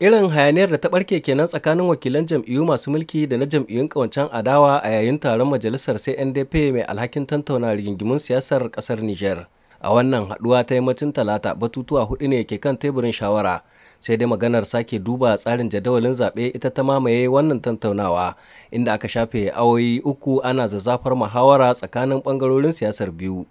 Irin hayaniyar da ta barke kenan tsakanin wakilan jam'iyyu masu mulki da na jam'iyyun kawancen adawa a yayin taron majalisar CNDP mai alhakin tantauna rigingimin siyasar kasar Nijar. A wannan haduwa ta yammacin talata batutuwa hudu ne ke kan teburin shawara sai dai maganar sake duba tsarin jadawalin zaɓe ita ta mamaye wannan tantaunawa inda aka shafe awoyi uku ana zazzafar muhawara tsakanin ɓangarorin siyasar biyu.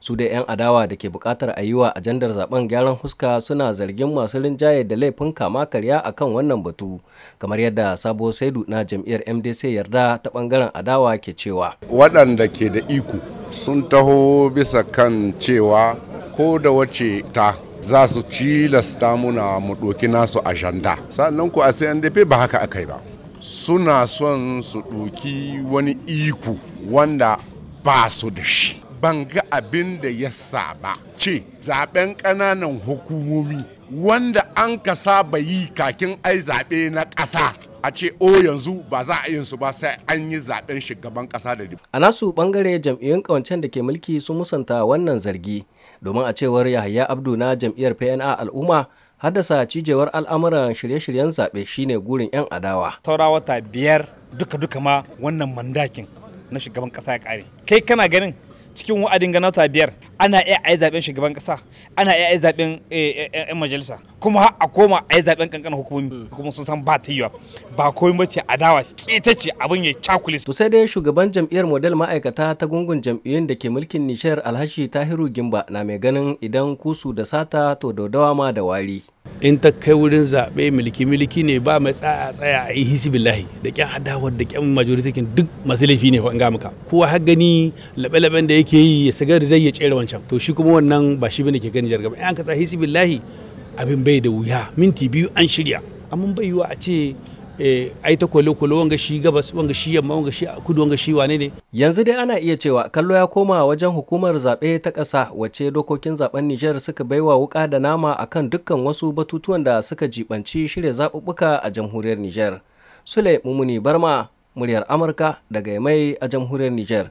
su da 'yan adawa da ke bukatar a yi wa ajandar zaben gyaran huska suna zargin masu rinjaye da laifin kama karya a kan wannan batu kamar yadda sabo saidu na jam'iyyar mdc yarda ta bangaren adawa ke cewa waɗanda ke da iko sun taho bisa kan cewa ko da wace ta za su cilasta muna mu ɗoki nasu ajanda sannan ku a CNDP ba haka aka yi ba suna son su ɗoki wani iko wanda ba su da shi ban ga abin da ya saba ce zaben ƙananan hukumomi wanda an ka saba yi kakin ai zaɓe na ƙasa a ce o yanzu ba za a yin su ba sai an yi zaben shugaban ƙasa da a nasu bangare jam'iyyun ƙawancen da ke mulki sun musanta wannan zargi domin a cewar yahaya abdu na jam'iyyar pna al'umma haddasa cijewar al'amuran shirye-shiryen zaɓe shine gurin 'yan adawa. Saura wata biyar duka-duka ma wannan mandakin na shugaban ƙasa ya ƙare. Kai kana ganin cikin wa'adin ganar ta biyar ana iya a yi zaɓen shugaban kasa ana iya a yi zaɓen yan eh, eh, eh, majalisa kuma a koma a yi zaɓen kankan hukumomi hmm. kuma sun san ba ta yiwa ba komai ba ce adawa ita ce abin ya cakulis. to sai dai shugaban jam'iyyar model ma'aikata ta gungun jam'iyyun da ke mulkin nishiyar alhashi tahiru gimba na mai ganin idan kusu da sata to dodawa ma da wari. in ta kai wurin zaɓe miliki miliki ne ba mai tsaya tsaya a yi hisibillahi da kyan adawar da kyan majoritikin duk masu laifi ne ga muka kowa har gani laɓe-laɓen da yake yi ya sagar zai ya tsere wancan to shi kuma wannan ba shi bane ke gani jargaba in an ka tsaya hisibillahi abin bai da wuya minti biyu an shirya amma bai yiwa a ce Eh, ai ta kwale kwale wanga shi gabas wanga shi yamma wanga shi kudu wanga shi wane ne yanzu dai ana iya cewa kallo ya koma wajen hukumar zaɓe ta ƙasa wacce dokokin zaben niger suka baiwa wuka da nama akan dukkan wasu batutuwan da suka jibanci shirya zaɓuɓɓuka a jamhuriyar niger Sule Mumuni Barma muryar Amurka daga mai a jamhuriyar niger.